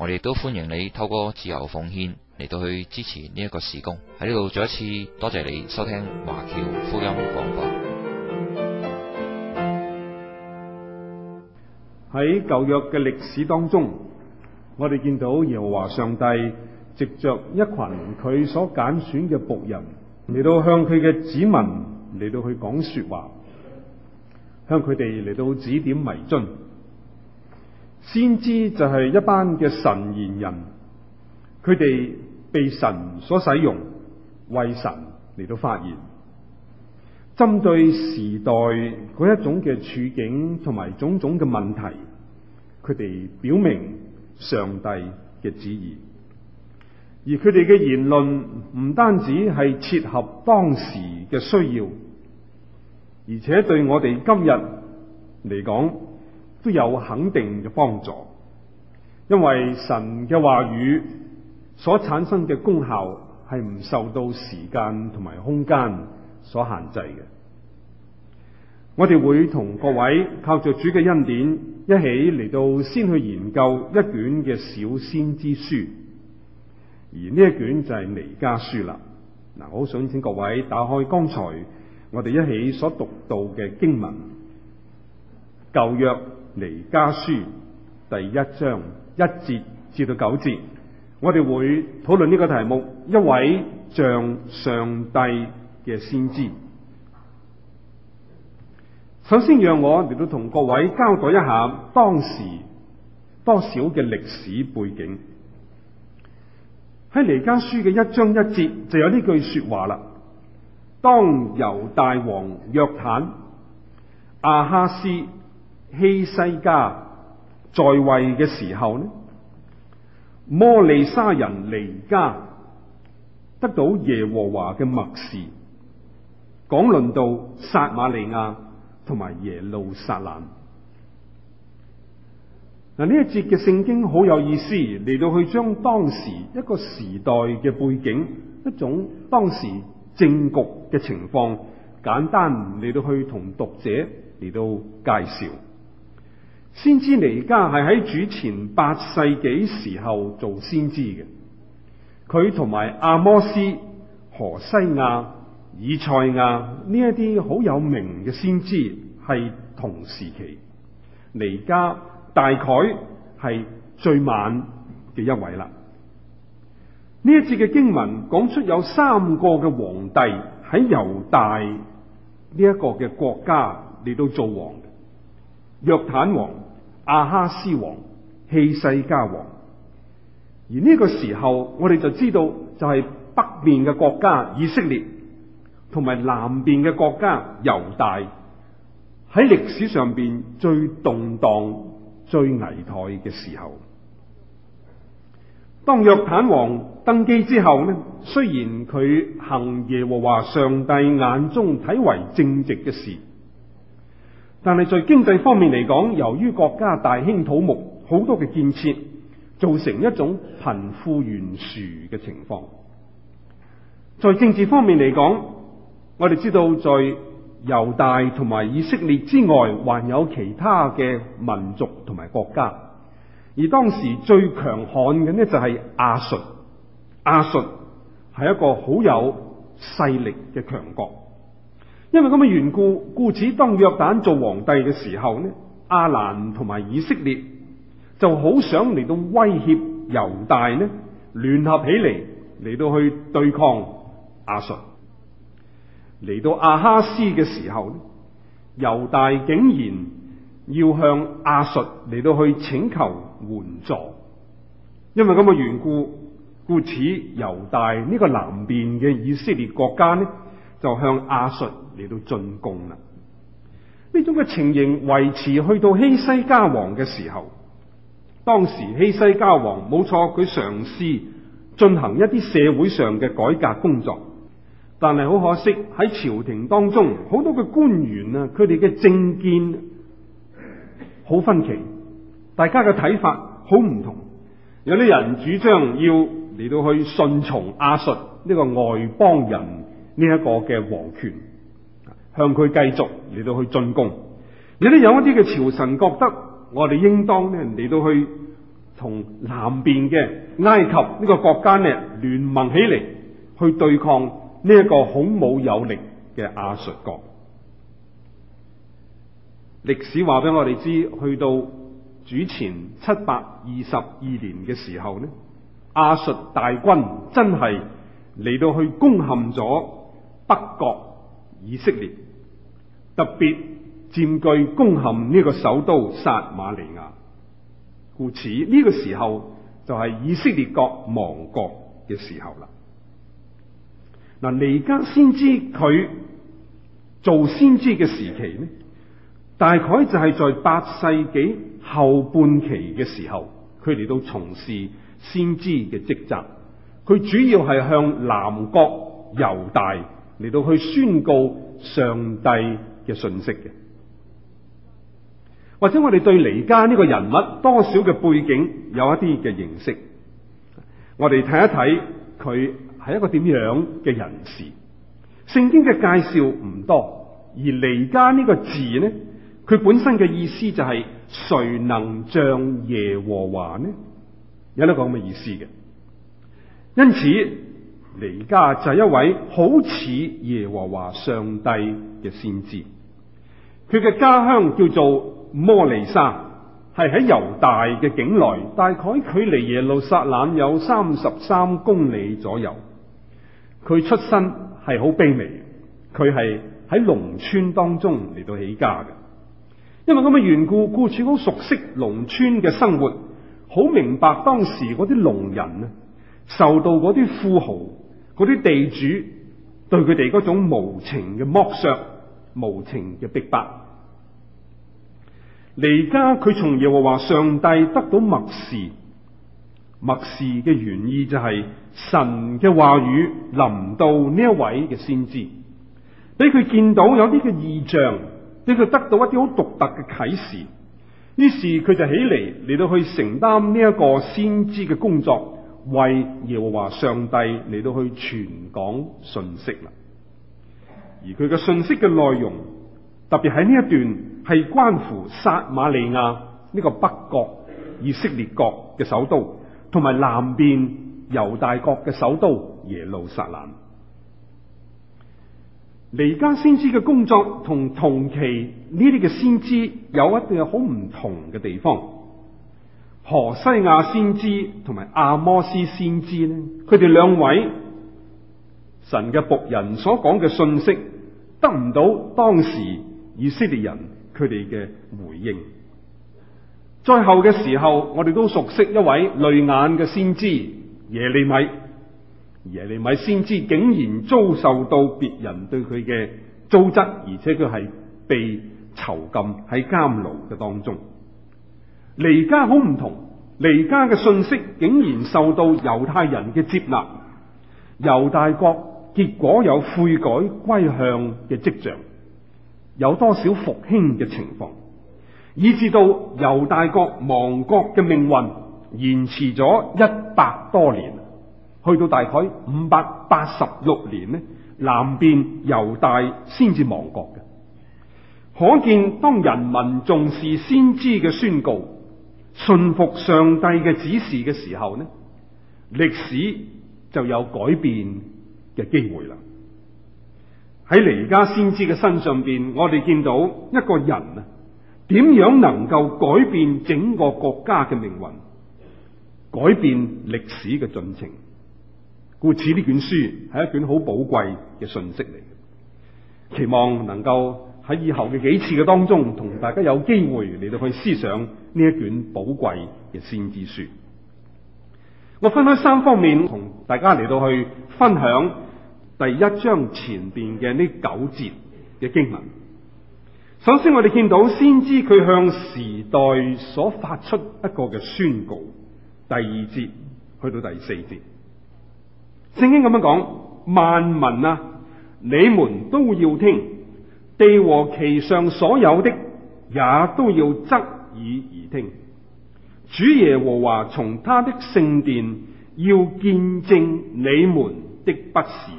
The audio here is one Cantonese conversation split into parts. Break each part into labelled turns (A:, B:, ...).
A: 我哋都歡迎你透過自由奉獻嚟到去支持呢一個事工。喺呢度再一次多謝你收聽華僑福音廣播。喺舊約嘅歷史當中，我哋見到耶和華上帝藉着一群佢所揀選嘅僕人嚟到向佢嘅子民嚟到去講說話，向佢哋嚟到指點迷津。先知就係一班嘅神言人，佢哋被神所使用，為神嚟到發言，針對時代嗰一種嘅處境同埋種種嘅問題，佢哋表明上帝嘅旨意，而佢哋嘅言論唔單止係切合當時嘅需要，而且對我哋今日嚟講。都有肯定嘅幫助，因為神嘅話語所產生嘅功效係唔受到時間同埋空間所限制嘅。我哋會同各位靠着主嘅恩典，一起嚟到先去研究一卷嘅小先知書，而呢一卷就係彌迦書啦。嗱，我好想請各位打開剛才我哋一起所讀到嘅經文舊約。彌迦書第一章一節至到九節，我哋會討論呢個題目：一位像上帝嘅先知。首先讓我嚟到同各位交代一下當時多少嘅歷史背景。喺彌迦書嘅一章一節就有呢句說話啦：當猶大王約坦亞哈斯。希西家在位嘅時候呢？摩利沙人彌迦，得到耶和華嘅默示，講論到撒瑪利亞同埋耶路撒冷嗱。呢一節嘅聖經好有意思，嚟到去將當時一個時代嘅背景，一種當時政局嘅情況，簡單嚟到去同讀者嚟到介紹。先知彌迦係喺主前八世紀時候做先知嘅，佢同埋阿摩斯、何西亞、以賽亞呢一啲好有名嘅先知係同時期。彌迦大概係最晚嘅一位啦。呢一節嘅經文講出有三個嘅皇帝喺猶大呢一個嘅國家嚟到做王。約坦王、亞哈斯王、希西家王，而呢個時候我哋就知道，就係北面嘅國家以色列，同埋南邊嘅國家猶大喺歷史上邊最動蕩、最危殆嘅時候。當約坦王登基之後咧，雖然佢行耶和華上帝眼中睇為正直嘅事。但係在經濟方面嚟講，由於國家大興土木，好多嘅建設造成一種貧富懸殊嘅情況。在政治方面嚟講，我哋知道在猶大同埋以色列之外，還有其他嘅民族同埋國家。而當時最強悍嘅呢，就係亞述，亞述係一個好有勢力嘅強國。因為咁嘅緣故，故此當約旦做皇帝嘅時候呢，亞蘭同埋以色列就好想嚟到威脅猶大呢，聯合起嚟嚟到去對抗亞述。嚟到亞哈斯嘅時候呢，猶大竟然要向亞述嚟到去請求援助。因為咁嘅緣故，故此猶大呢個南邊嘅以色列國家呢，就向亞述。嚟到進攻啦，呢種嘅情形維持去到希西家王嘅時候，當時希西家王冇錯，佢嘗試進行一啲社會上嘅改革工作，但係好可惜喺朝廷當中好多嘅官員啊，佢哋嘅政見好分歧，大家嘅睇法好唔同，有啲人主張要嚟到去順從亞述呢個外邦人呢一個嘅皇權。向佢繼續嚟到去進攻，亦都有一啲嘅朝臣覺得我哋應當咧嚟到去同南邊嘅埃及呢個國家咧聯盟起嚟，去對抗呢一個孔武有力嘅亞述國。歷史話俾我哋知，去到主前七百二十二年嘅時候呢，亞述大軍真係嚟到去攻陷咗北國以色列。特別佔據攻陷呢個首都撒馬利亞，故此呢個時候就係以色列國亡國嘅時候啦。嗱，彌迦先知佢做先知嘅時期，大概就係在八世紀後半期嘅時候，佢嚟到從事先知嘅職責。佢主要係向南國猶大嚟到去宣告上帝嘅信息嘅，或者我哋對彌迦呢個人物多少嘅背景有一啲嘅認識，我哋睇一睇佢係一個點樣嘅人士。聖經嘅介紹唔多，而彌迦呢個字呢，佢本身嘅意思就係誰能像耶和華呢？有得講咁嘅意思嘅，因此彌迦就係一位好似耶和華上帝嘅先知。佢嘅家鄉叫做摩利沙，係喺猶大嘅境內，大概距離耶路撒冷有三十三公里左右。佢出身係好卑微，佢係喺農村當中嚟到起家嘅。因為咁嘅緣故，故此好熟悉農村嘅生活，好明白當時嗰啲農人啊，受到嗰啲富豪、嗰啲地主對佢哋嗰種無情嘅剝削。無情嘅逼迫白，嚟家佢從耶和華上帝得到默示，默示嘅原意就係神嘅話語臨到呢一位嘅先知，俾佢見到有啲嘅異象，俾佢得到一啲好獨特嘅啟示，於是佢就起嚟嚟到去承擔呢一個先知嘅工作，為耶和華上帝嚟到去傳講信息啦。而佢嘅信息嘅內容，特別喺呢一段係關乎撒瑪利亞呢個北國以色列國嘅首都，同埋南邊猶大國嘅首都耶路撒冷。彌迦先知嘅工作同同期呢啲嘅先知有一定好唔同嘅地方。何西亞先知同埋阿摩斯先知呢，佢哋兩位神嘅僕人所講嘅信息。得唔到當時以色列人佢哋嘅回應。最後嘅時候，我哋都熟悉一位淚眼嘅先知耶利米。耶利米先知竟然遭受到別人對佢嘅糟質，而且佢係被囚禁喺監牢嘅當中。彌迦好唔同，彌迦嘅信息竟然受到猶太人嘅接納，猶大國。結果有悔改歸向嘅跡象，有多少復興嘅情況，以至到猶大國亡國嘅命運延遲咗一百多年，去到大概五百八十六年呢，南邊猶大先至亡國嘅。可見當人民重視先知嘅宣告，信服上帝嘅指示嘅時候呢，歷史就有改變嘅機會啦，喺彌迦先知嘅身上邊，我哋見到一個人啊，點樣能夠改變整個國家嘅命運，改變歷史嘅進程，故此呢卷書係一卷好寶貴嘅信息嚟嘅，期望能夠喺以後嘅幾次嘅當中，同大家有機會嚟到去思想呢一卷寶貴嘅先知書。我分開三方面同大家嚟到去分享第一章前邊嘅呢九節嘅經文。首先我哋見到先知佢向時代所發出一個嘅宣告，第二節去到第四節，聖經咁樣講：萬民啊，你們都要聽；地和其上所有的也都要側耳而聽。主耶和華從他的聖殿要見證你們的不是，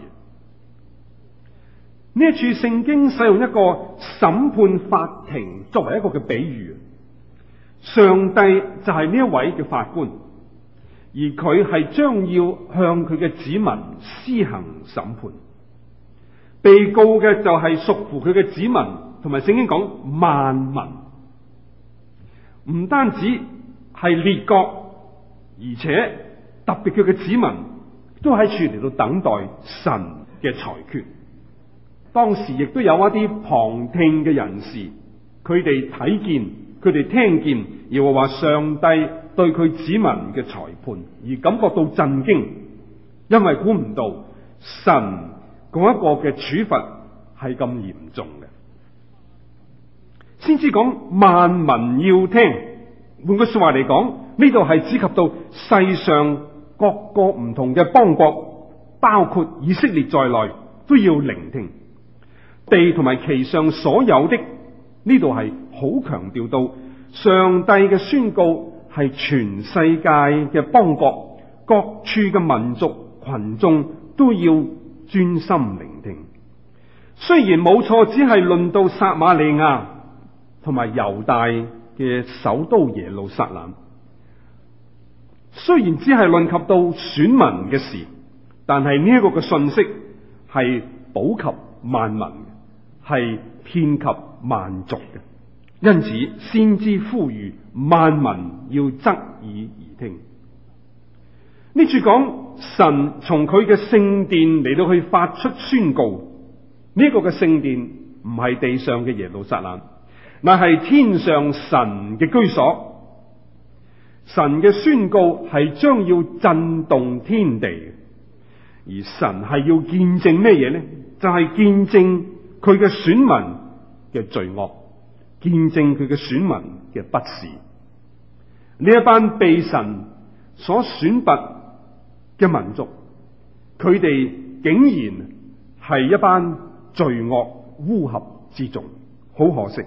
A: 呢一處聖經使用一個審判法庭作為一個嘅比喻，上帝就係呢一位嘅法官，而佢係將要向佢嘅子民施行審判，被告嘅就係屬乎佢嘅子民，同埋聖經講萬民，唔單止。係列國，而且特別佢嘅子民都喺處嚟到等待神嘅裁決。當時亦都有一啲旁聽嘅人士，佢哋睇見，佢哋聽見，而話話上帝對佢子民嘅裁判，而感覺到震驚，因為估唔到神嗰一個嘅處罰係咁嚴重嘅，先至講萬民要聽。換句話說話嚟講，呢度係只及到世上各個唔同嘅邦國，包括以色列在內，都要聆聽。地同埋其上所有的。呢度係好強調到上帝嘅宣告係全世界嘅邦國、各處嘅民族群眾都要專心聆聽。雖然冇錯，只係論到撒瑪利亞同埋猶大，嘅首都耶路撒冷，雖然只係論及到選民嘅事，但係呢一個嘅信息係普及萬民，係遍及萬族嘅，因此先知呼籲萬民要側耳而聽。呢處講神從佢嘅聖殿嚟到去發出宣告，呢、這個嘅聖殿唔係地上嘅耶路撒冷。乃係天上神嘅居所，神嘅宣告係將要震動天地，而神係要見證咩嘢咧？就係、是、見證佢嘅選民嘅罪惡，見證佢嘅選民嘅不是。呢一班被神所選拔嘅民族，佢哋竟然係一班罪惡烏合之眾，好可惜。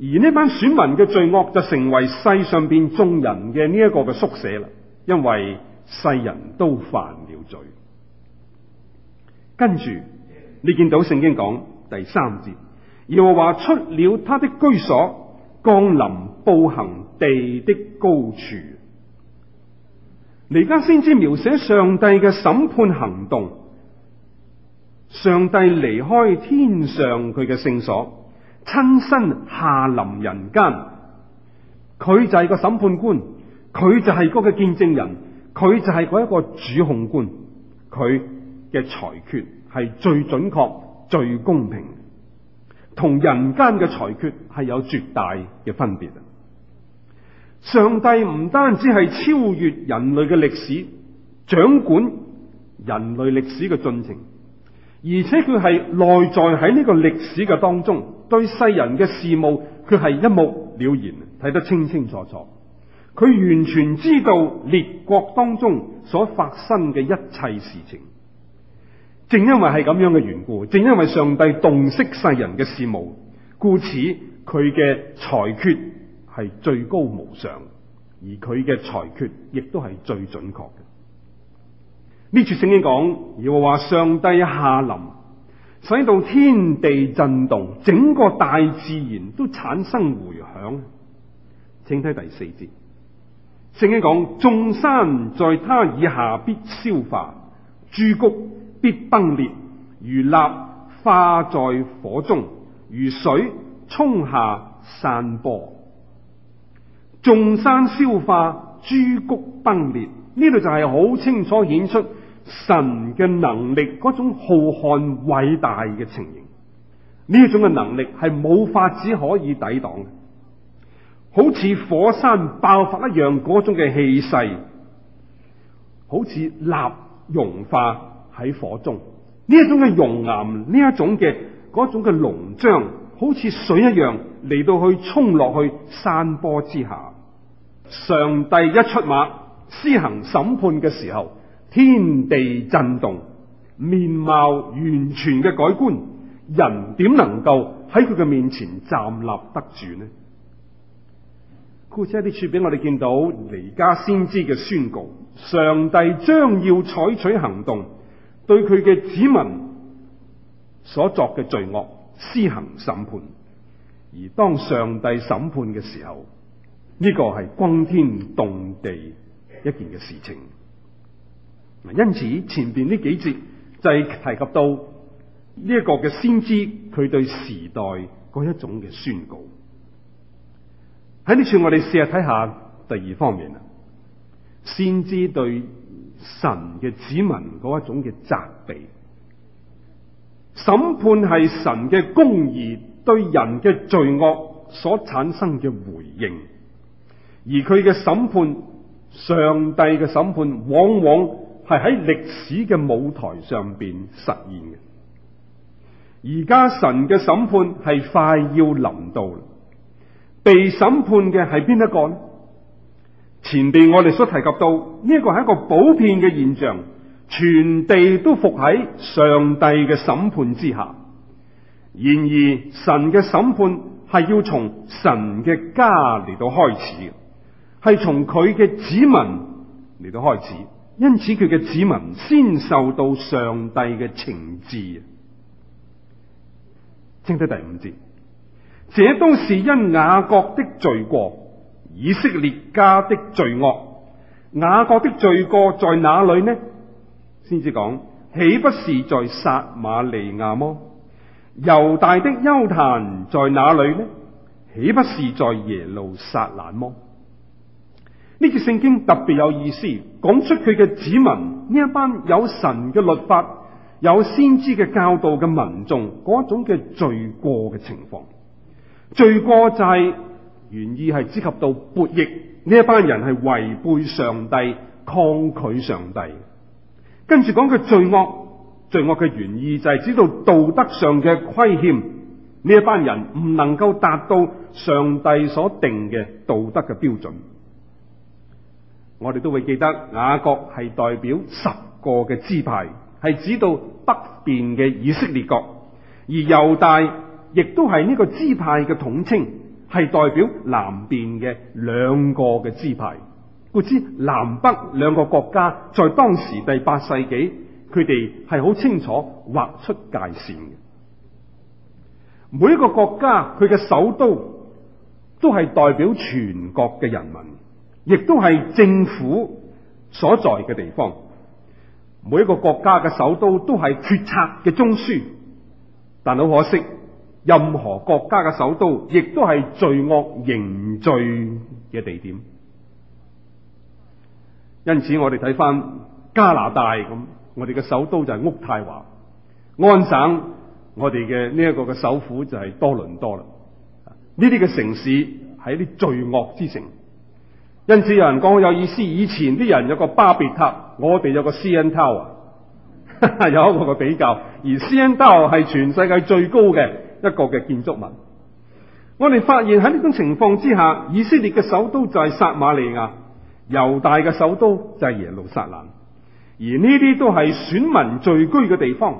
A: 而呢班選民嘅罪惡就成為世上邊眾人嘅呢一個嘅宿舍啦，因為世人都犯了罪。跟住你見到聖經講第三節，又話出了他的居所，降臨步行地的高處。而家先知描寫上帝嘅審判行動，上帝離開天上佢嘅聖所。親身下臨人間，佢就係個審判官，佢就係嗰個見證人，佢就係嗰一個主控官，佢嘅裁決係最準確、最公平，同人間嘅裁決係有絕大嘅分別。上帝唔單止係超越人類嘅歷史，掌管人類歷史嘅進程，而且佢係內在喺呢個歷史嘅當中。對世人嘅事務，佢係一目了然，睇得清清楚楚。佢完全知道列國當中所發生嘅一切事情。正因為係咁樣嘅緣故，正因為上帝洞悉世人嘅事務，故此佢嘅裁決係最高無上，而佢嘅裁決亦都係最準確嘅。呢處聖經講，要話話上帝下臨。使到天地震動，整個大自然都產生回響。請睇第四節，聖經講：眾山在他以下必消化，諸谷必崩裂，如蠟化在火中，如水沖下散播。眾山消化，諸谷崩裂，呢度就係好清楚顯出。神嘅能力嗰種浩瀚偉大嘅情形，呢一種嘅能力係冇法子可以抵擋嘅，好似火山爆發一樣嗰種嘅氣勢，好似蠟融化喺火中，呢一種嘅熔岩，呢一種嘅嗰種嘅龍漿，好似水一樣嚟到去沖落去山坡之下。上帝一出馬施行審判嘅時候。天地震動，面貌完全嘅改觀，人點能夠喺佢嘅面前站立得住呢？故此一啲處俾我哋見到，彌迦先知嘅宣告：上帝將要採取行動，對佢嘅子民所作嘅罪惡施行審判。而當上帝審判嘅時候，呢個係轟天動地一件嘅事情。因此前邊呢幾節就係提及到呢一個嘅先知佢對時代嗰一種嘅宣告。喺呢處我哋試下睇下第二方面啦，先知對神嘅子民嗰一種嘅責備、審判係神嘅公義對人嘅罪惡所產生嘅回應，而佢嘅審判、上帝嘅審判往往。係喺歷史嘅舞台上邊實現嘅。而家神嘅審判係快要臨到，被審判嘅係邊一個呢？前邊我哋所提及到呢一個係一個普遍嘅現象，全地都伏喺上帝嘅審判之下。然而，神嘅審判係要從神嘅家嚟到開始，係從佢嘅子民嚟到開始。因此佢嘅子民先受到上帝嘅懲治。請睇第五節，這都是因雅各的罪過，以色列家的罪惡。雅各的罪過在哪裏呢？先至講，豈不是在撒瑪利亞麼？猶大的邱壇在哪裏呢？豈不是在耶路撒冷麼？呢句聖經特別有意思，講出佢嘅子民呢一班有神嘅律法、有先知嘅教導嘅民眾嗰種嘅罪過嘅情況。罪過就係、是，原意係涉及到悖逆，呢一班人係違背上帝、抗拒上帝。跟住講嘅罪惡，罪惡嘅原意就係指到道德上嘅虧欠，呢一班人唔能夠達到上帝所定嘅道德嘅標準。我哋都會記得雅各係代表十個嘅支派，係指到北邊嘅以色列國；而猶大亦都係呢個支派嘅統稱，係代表南邊嘅兩個嘅支派。故知南北兩個國家在當時第八世紀，佢哋係好清楚劃出界線嘅。每一個國家佢嘅首都都係代表全國嘅人民。亦都係政府所在嘅地方，每一個國家嘅首都都係決策嘅中樞，但好可惜，任何國家嘅首都亦都係罪惡刑罪嘅地點。因此，我哋睇翻加拿大咁，我哋嘅首都就係渥太華，安省我哋嘅呢一個嘅首府就係多倫多啦。呢啲嘅城市係啲罪惡之城。因此有人講有意思，以前啲人有個巴別塔，我哋有個 C N Tower，呵呵有一個比較，而 C N Tower 係全世界最高嘅一個嘅建築物。我哋發現喺呢種情況之下，以色列嘅首都就係撒瑪利亞，猶大嘅首都就係耶路撒冷，而呢啲都係選民聚居嘅地方。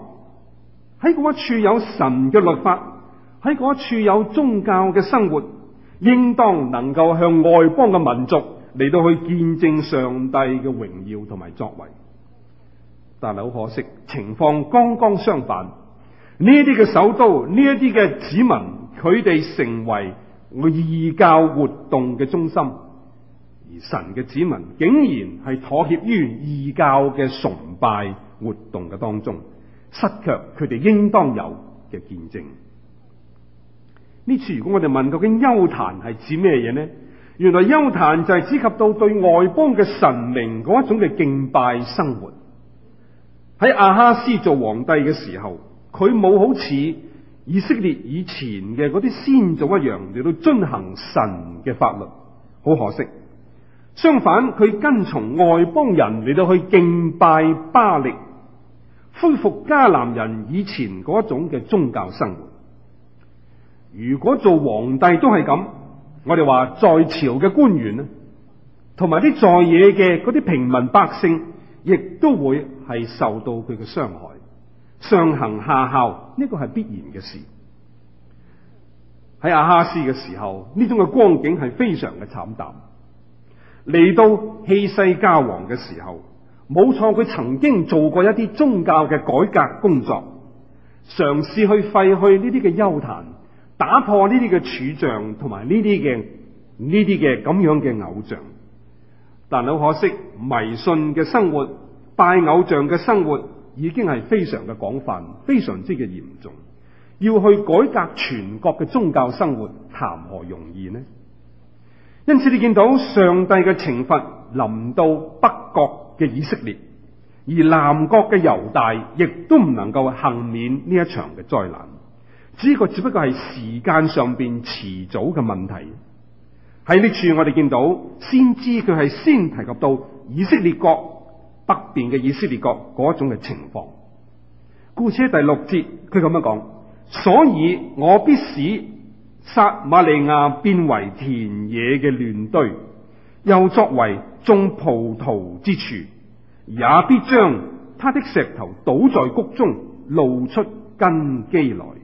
A: 喺嗰一處有神嘅律法，喺嗰一處有宗教嘅生活，應當能夠向外邦嘅民族嚟到去見證上帝嘅榮耀同埋作為，但係好可惜，情況剛剛相反。呢啲嘅首都，呢一啲嘅子民，佢哋成為異教活動嘅中心，而神嘅子民竟然係妥協於異教嘅崇拜活動嘅當中，失卻佢哋應當有嘅見證。呢次如果我哋問，究竟邱壇係指咩嘢呢？原來幽壇就係指及到對外邦嘅神明嗰一種嘅敬拜生活。喺阿哈斯做皇帝嘅時候，佢冇好似以色列以前嘅嗰啲先祖一樣嚟到遵行神嘅法律。好可惜，相反佢跟從外邦人嚟到去敬拜巴力，恢復迦南人以前嗰一種嘅宗教生活。如果做皇帝都係咁。我哋話在朝嘅官員呢，同埋啲在野嘅嗰啲平民百姓，亦都會係受到佢嘅傷害。上行下效呢、這個係必然嘅事。喺阿哈斯嘅時候，呢種嘅光景係非常嘅慘淡。嚟到希西家王嘅時候，冇錯佢曾經做過一啲宗教嘅改革工作，嘗試去廢去呢啲嘅邱壇。打破呢啲嘅柱像同埋呢啲嘅呢啲嘅咁樣嘅偶像，但好可惜，迷信嘅生活、拜偶像嘅生活已經係非常嘅廣泛、非常之嘅嚴重。要去改革全國嘅宗教生活，談何容易呢？因此，你見到上帝嘅懲罰臨到北國嘅以色列，而南國嘅猶大亦都唔能夠幸免呢一場嘅災難。呢個只不過係時間上邊遲早嘅問題。喺呢處我哋見到先知佢係先提及到以色列國北邊嘅以色列國嗰種嘅情況。故此第六節佢咁樣講，所以我必使撒馬利亞變為田野嘅亂堆，又作為種葡萄之處，也必將他的石頭倒在谷中，露出根基來。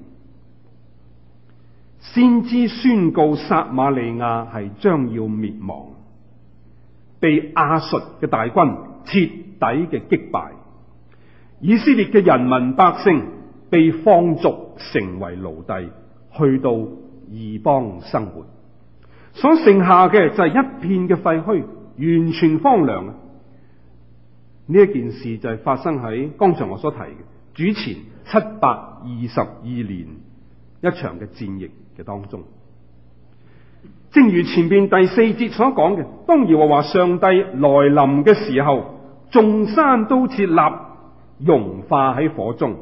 A: 先知宣告：撒馬利亞係將要滅亡，被亞述嘅大軍徹底嘅擊敗。以色列嘅人民百姓被放逐成為奴隸，去到異邦生活。所剩下嘅就係一片嘅廢墟，完全荒涼啊！呢一件事就係發生喺剛才我所提嘅主前七百二十二年一場嘅戰役。當中，正如前邊第四節所講嘅，當耶和華上帝來臨嘅時候，眾山都似蠟融化喺火中，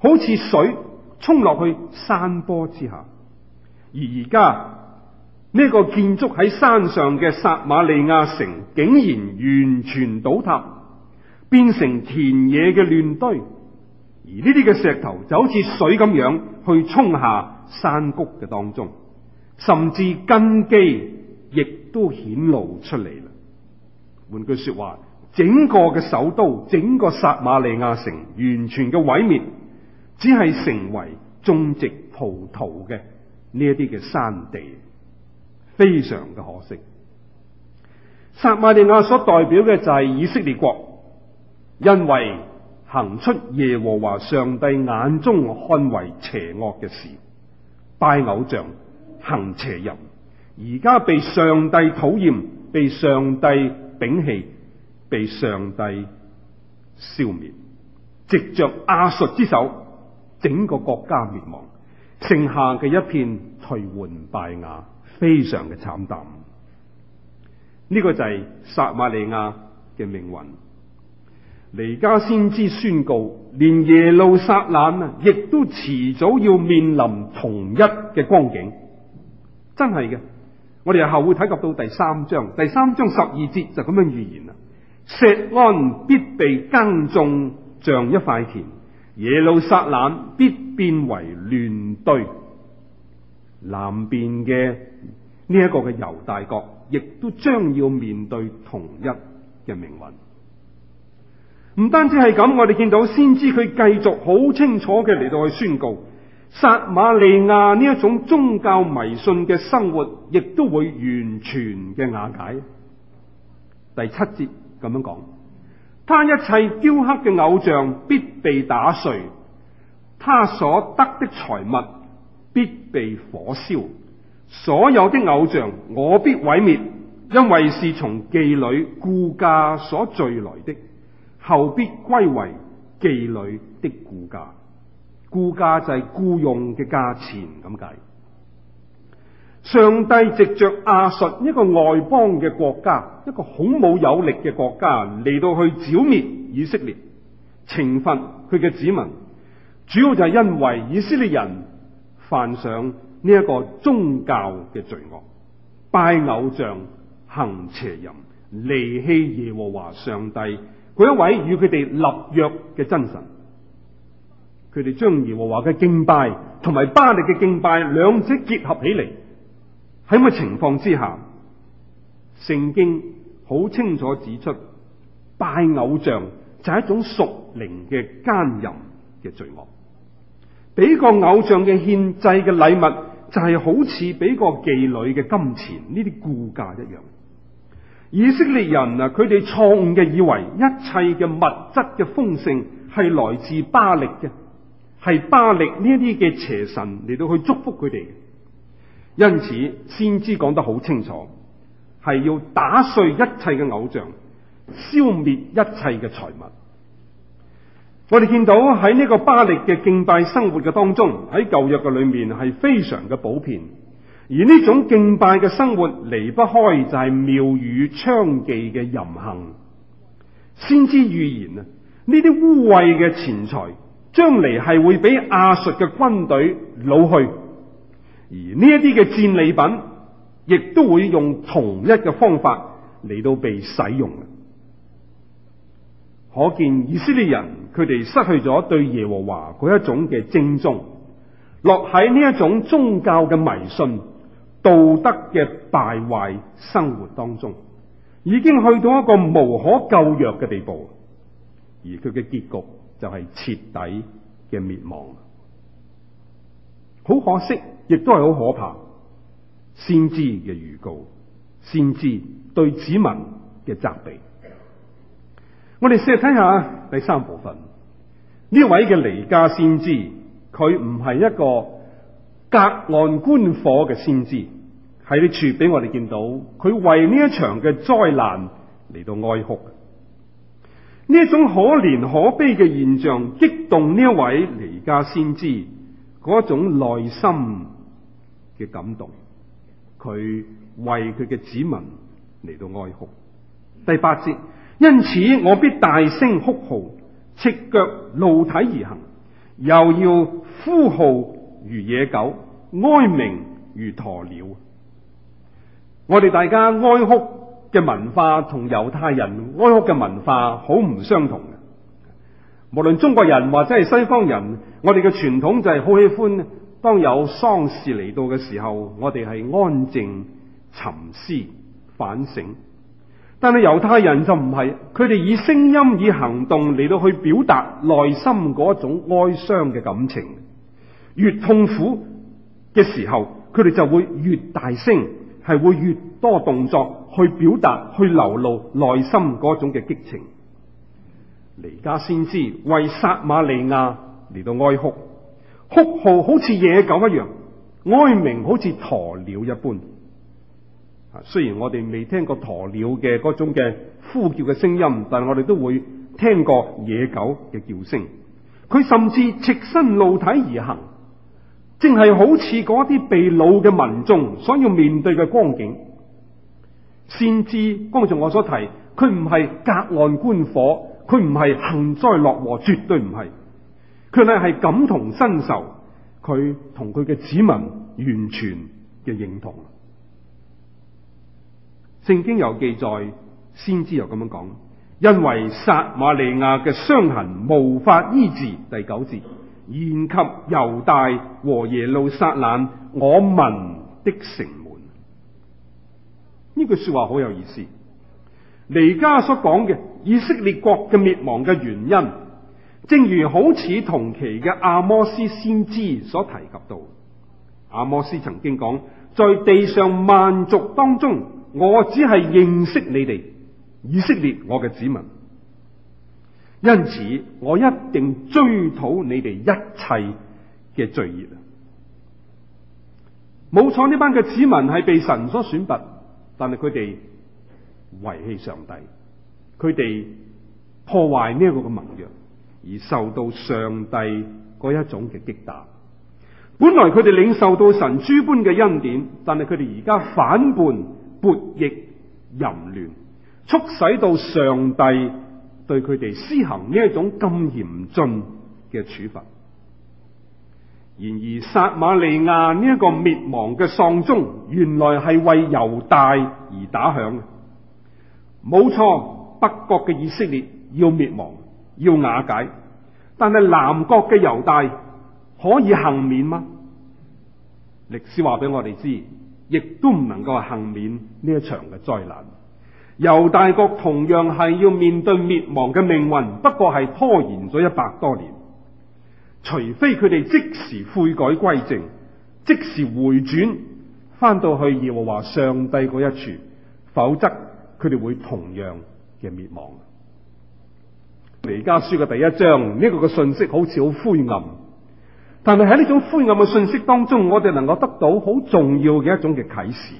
A: 好似水沖落去山坡之下。而而家呢個建築喺山上嘅撒瑪利亞城，竟然完全倒塌，變成田野嘅亂堆。而呢啲嘅石頭就好似水咁樣去沖下，山谷嘅當中，甚至根基亦都顯露出嚟啦。換句說話，整個嘅首都，整個撒瑪利亞城，完全嘅毀滅，只係成為種植葡萄嘅呢一啲嘅山地，非常嘅可惜。撒瑪利亞所代表嘅就係以色列國，因為行出耶和華上帝眼中看為邪惡嘅事。拜偶像、行邪淫，而家被上帝討厭、被上帝摒棄、被上帝消滅，藉着亞述之手，整個國家滅亡，剩下嘅一片頹垣敗瓦，非常嘅慘淡。呢、這個就係撒瑪利亞嘅命運。彌迦先知宣告，連耶路撒冷啊，亦都遲早要面臨同一嘅光景。真係嘅，我哋日後會睇及到第三章，第三章十二節就咁樣預言啦。錫安必被耕種，像一塊田；耶路撒冷必變為亂堆。南邊嘅呢一個嘅猶大國，亦都將要面對同一嘅命運。唔單止係咁，我哋見到先知佢繼續好清楚嘅嚟到去宣告，撒瑪利亞呢一種宗教迷信嘅生活，亦都會完全嘅瓦解。第七節咁樣講：他一切雕刻嘅偶像必被打碎，他所得的財物必被火燒，所有的偶像我必毀滅，因為是從妓女雇價所聚來的。後必歸為妓女的雇價，雇價就係雇傭嘅價錢咁計。上帝藉着亞述一個外邦嘅國家，一個孔武有力嘅國家嚟到去剿滅以色列，懲罰佢嘅子民，主要就係因為以色列人犯上呢一個宗教嘅罪惡，拜偶像、行邪淫、離棄耶和華上帝。有一位與佢哋立約嘅真神，佢哋將耶和華嘅敬拜同埋巴力嘅敬拜兩者結合起嚟，喺咁嘅情況之下，聖經好清楚指出，拜偶像就係一種屬靈嘅奸淫嘅罪惡，俾個偶像嘅獻祭嘅禮物就係、是、好似俾個妓女嘅金錢呢啲雇價一樣。以色列人啊，佢哋錯誤嘅以為一切嘅物質嘅豐盛係來自巴力嘅，係巴力呢啲嘅邪神嚟到去祝福佢哋，因此先知講得好清楚，係要打碎一切嘅偶像，消滅一切嘅財物。我哋見到喺呢個巴力嘅敬拜生活嘅當中，喺舊約嘅裏面係非常嘅普遍。而呢種敬拜嘅生活，離不開就係廟宇娼妓嘅淫行，先知預言啊！呢啲污穢嘅錢財，將嚟係會俾亞述嘅軍隊擄去，而呢一啲嘅戰利品，亦都會用同一嘅方法嚟到被使用。可見以色列人佢哋失去咗對耶和華嗰一種嘅正宗，落喺呢一種宗教嘅迷信。道德嘅敗壞生活當中，已經去到一個無可救藥嘅地步，而佢嘅結局就係徹底嘅滅亡。好可惜，亦都係好可怕。先知嘅預告，先知對子民嘅責備。我哋試下睇下第三部分。呢位嘅彌迦先知，佢唔係一個。隔岸觀火嘅先知喺呢處俾我哋見到，佢為呢一場嘅災難嚟到哀哭。呢一種可憐可悲嘅現象，激動呢一位離家先知嗰一種內心嘅感動。佢為佢嘅子民嚟到哀哭。第八節，因此我必大聲哭號，赤腳露體而行，又要呼號。如野狗哀鳴如鴕鳥。我哋大家哀哭嘅文化同猶太人哀哭嘅文化好唔相同嘅。無論中國人或者係西方人，我哋嘅傳統就係好喜歡，當有喪事嚟到嘅時候，我哋係安靜沉思反省。但係猶太人就唔係，佢哋以聲音以行動嚟到去表達內心嗰種哀傷嘅感情。越痛苦嘅時候，佢哋就會越大聲，係會越多動作去表達，去流露內心嗰種嘅激情。彌迦先知為撒瑪利亞嚟到哀哭，哭號好似野狗一樣，哀鳴好似鴕鳥一般。雖然我哋未聽過鴕鳥嘅嗰種嘅呼叫嘅聲音，但我哋都會聽過野狗嘅叫聲。佢甚至赤身露體而行。正係好似嗰啲被擄嘅民眾所要面對嘅光景。先知，剛才我所提，佢唔係隔岸觀火，佢唔係幸災樂禍，絕對唔係，佢就係感同身受，佢同佢嘅子民完全嘅認同。聖經有記載，先知又咁樣講，因為撒瑪利亞嘅傷痕無法醫治，第九節。延及猶大和耶路撒冷，我民的城門。呢句說話好有意思。彌迦所講嘅以色列國嘅滅亡嘅原因，正如好似同期嘅阿摩斯先知所提及到。阿摩斯曾經講：在地上萬族當中，我只係認識你哋以色列，我嘅子民。因此，我一定追討你哋一切嘅罪孽。冇錯，呢班嘅子民係被神所選拔，但係佢哋遺棄上帝，佢哋破壞呢一個嘅盟約，而受到上帝嗰一種嘅擊打。本來佢哋領受到神諸般嘅恩典，但係佢哋而家反叛、叛逆、淫亂，促使到上帝。對佢哋施行呢一種咁嚴峻嘅處罰。然而，撒馬利亞呢一個滅亡嘅喪鐘，原來係為猶大而打響。冇錯，北國嘅以色列要滅亡，要瓦解。但係南國嘅猶大可以幸免嗎？歷史話俾我哋知，亦都唔能夠幸免呢一場嘅災難。尤大國同樣係要面對滅亡嘅命運，不過係拖延咗一百多年。除非佢哋即時悔改歸正，即時轉回轉翻到去耶和華上帝嗰一處，否則佢哋會同樣嘅滅亡。彌加書嘅第一章呢，這個嘅信息好似好灰暗，但係喺呢種灰暗嘅信息當中，我哋能夠得到好重要嘅一種嘅啟示。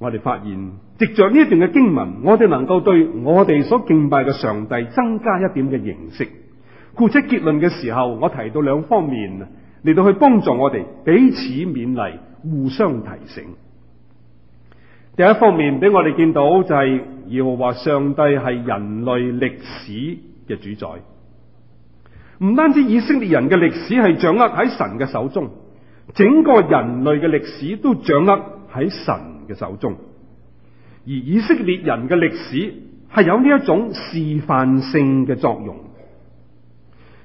A: 我哋發現，藉着呢一段嘅經文，我哋能夠對我哋所敬拜嘅上帝增加一點嘅認識。故此結論嘅時候，我提到兩方面嚟到去幫助我哋彼此勉勵，互相提醒。第一方面俾我哋見到就係耶和華上帝係人類歷史嘅主宰，唔單止以色列人嘅歷史係掌握喺神嘅手中，整個人類嘅歷史都掌握喺神。嘅手中，而以色列人嘅歷史係有呢一種示範性嘅作用的。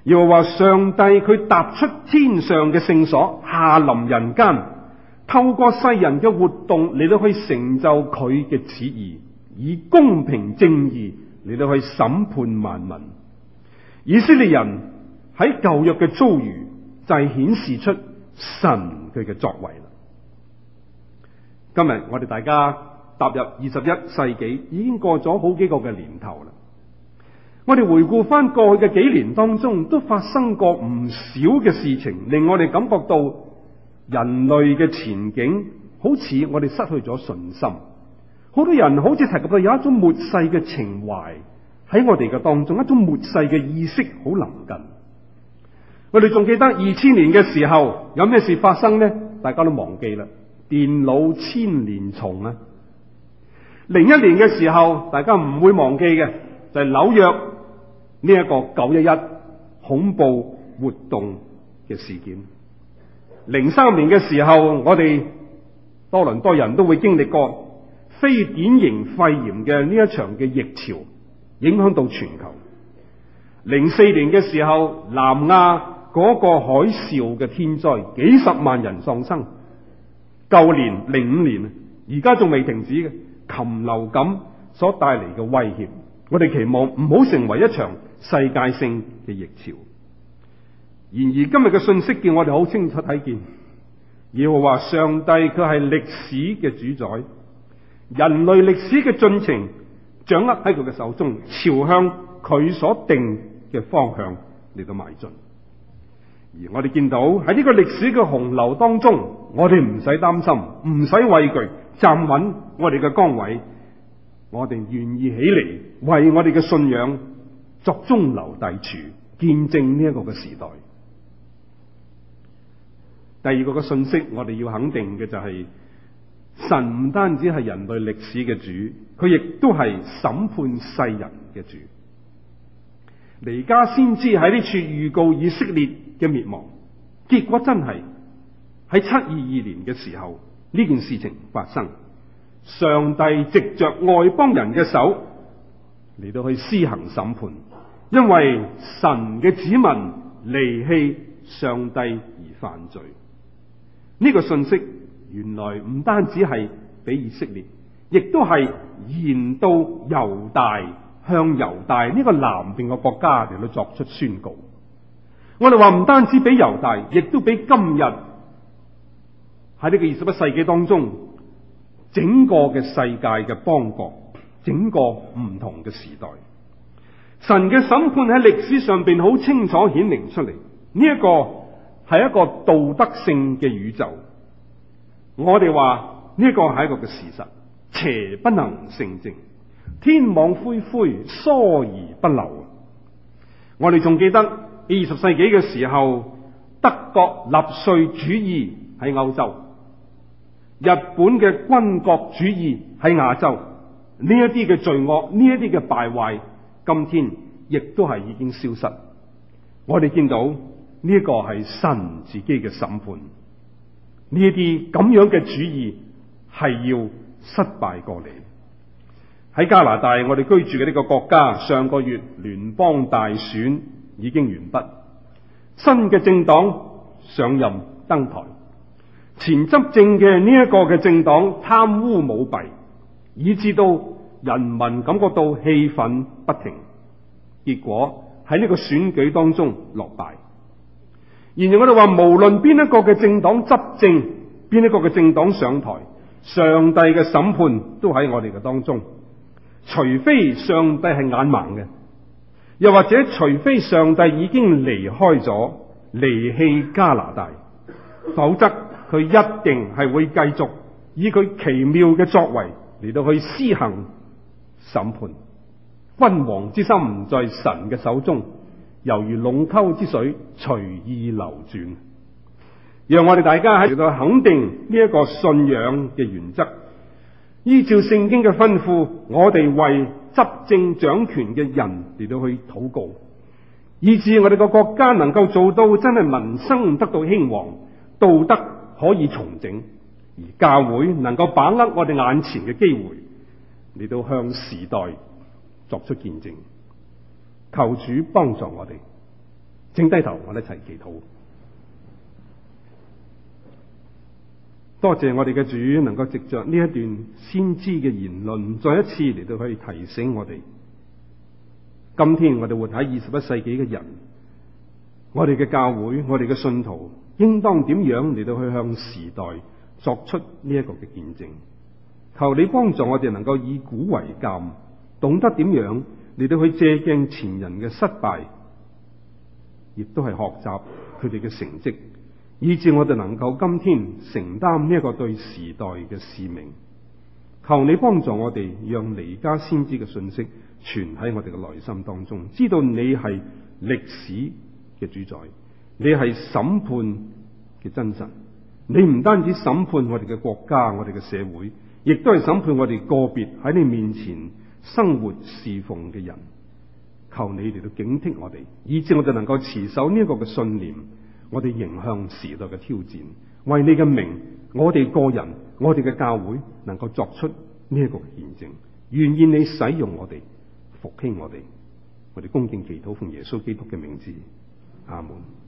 A: 又話上帝佢踏出天上嘅聖所，下臨人間，透過世人嘅活動，你都可以成就佢嘅旨意，以公平正義你都可以審判萬民。以色列人喺舊約嘅遭遇就係、是、顯示出神佢嘅作為。今日我哋大家踏入二十一世紀，已經過咗好幾個嘅年頭啦。我哋回顧翻過去嘅幾年當中，都發生過唔少嘅事情，令我哋感覺到人類嘅前景好似我哋失去咗信心。好多人好似提及到有一種末世嘅情懷喺我哋嘅當中，一種末世嘅意識好臨近。我哋仲記得二千年嘅時候有咩事發生呢？大家都忘記啦。電腦千年蟲啊！零一年嘅時候，大家唔會忘記嘅就係紐約呢一個九一一恐怖活動嘅事件。零三年嘅時候，我哋多倫多人都會經歷過非典型肺炎嘅呢一場嘅疫潮，影響到全球。零四年嘅時候，南亞嗰個海嘯嘅天災，幾十萬人喪生。舊年零五年而家仲未停止嘅，禽流感所帶嚟嘅威脅，我哋期望唔好成為一場世界性嘅疫潮。然而今日嘅信息叫我哋好清楚睇見，耶和華上帝佢係歷史嘅主宰，人類歷史嘅進程掌握喺佢嘅手中，朝向佢所定嘅方向嚟到邁進。而我哋見到喺呢個歷史嘅洪流當中，我哋唔使擔心，唔使畏懼，站穩我哋嘅崗位，我哋願意起嚟為我哋嘅信仰作中流砥柱，見證呢一個嘅時代。第二個嘅信息，我哋要肯定嘅就係、是、神唔單止係人類歷史嘅主，佢亦都係審判世人嘅主。彌迦先知喺呢處預告以色列嘅滅亡，結果真係喺七二二年嘅時候，呢件事情發生，上帝藉着外邦人嘅手嚟到去施行審判，因為神嘅子民離棄上帝而犯罪。呢、這個信息原來唔單止係畀以色列，亦都係言到猶大向猶大呢個南邊嘅國家嚟到作出宣告。我哋話唔單止俾猶大，亦都俾今日喺呢個二十一世紀當中，整個嘅世界嘅邦國，整個唔同嘅時代，神嘅審判喺歷史上邊好清楚顯明出嚟。呢一個係一個道德性嘅宇宙，我哋話呢個係一個嘅事實，邪不能勝正，天網恢恢，疏而不漏。我哋仲記得。二十世紀嘅時候，德國納粹主義喺歐洲，日本嘅軍國主義喺亞洲，呢一啲嘅罪惡，呢一啲嘅敗壞，今天亦都係已經消失。我哋見到呢個係神自己嘅審判，呢一啲咁樣嘅主義係要失敗過嚟。喺加拿大，我哋居住嘅呢個國家，上個月聯邦大選。已經完畢，新嘅政黨上任登台，前執政嘅呢一個嘅政黨貪污舞弊，以致到人民感覺到氣憤不停，結果喺呢個選舉當中落敗。然後我哋話，無論邊一個嘅政黨執政，邊一個嘅政黨上台，上帝嘅審判都喺我哋嘅當中，除非上帝係眼盲嘅。又或者，除非上帝已經離開咗，離棄加拿大，否則佢一定係會繼續以佢奇妙嘅作為嚟到去施行審判。君王之心不在神嘅手中，猶如隴溝之水隨意流轉。讓我哋大家喺度肯定呢一個信仰嘅原則，依照聖經嘅吩咐，我哋為。執政掌權嘅人嚟到去禱告，以致我哋個國家能夠做到真係民生得到興旺，道德可以重整，而教會能夠把握我哋眼前嘅機會，嚟到向時代作出見證。求主幫助我哋，請低頭我，我哋一齊祈禱。多謝我哋嘅主能夠藉著呢一段先知嘅言論，再一次嚟到去提醒我哋，今天我哋活喺二十一世紀嘅人，我哋嘅教會、我哋嘅信徒，應當點樣嚟到去向時代作出呢一個嘅見證？求你幫助我哋能夠以古為鑒，懂得點樣嚟到去借鏡前人嘅失敗，亦都係學習佢哋嘅成績。以至我哋能夠今天承擔呢個對時代嘅使命，求你幫助我哋，讓彌迦先知嘅信息存喺我哋嘅內心當中，知道你係歷史嘅主宰，你係審判嘅真實，你唔單止審判我哋嘅國家、我哋嘅社會，亦都係審判我哋個別喺你面前生活侍奉嘅人。求你嚟到警惕我哋，以至我哋能夠持守呢個嘅信念。我哋迎向時代嘅挑戰，為你嘅名，我哋個人，我哋嘅教會能夠作出呢一個見證，願意你使用我哋，復興我哋，我哋恭敬祈禱奉耶穌基督嘅名字，阿門。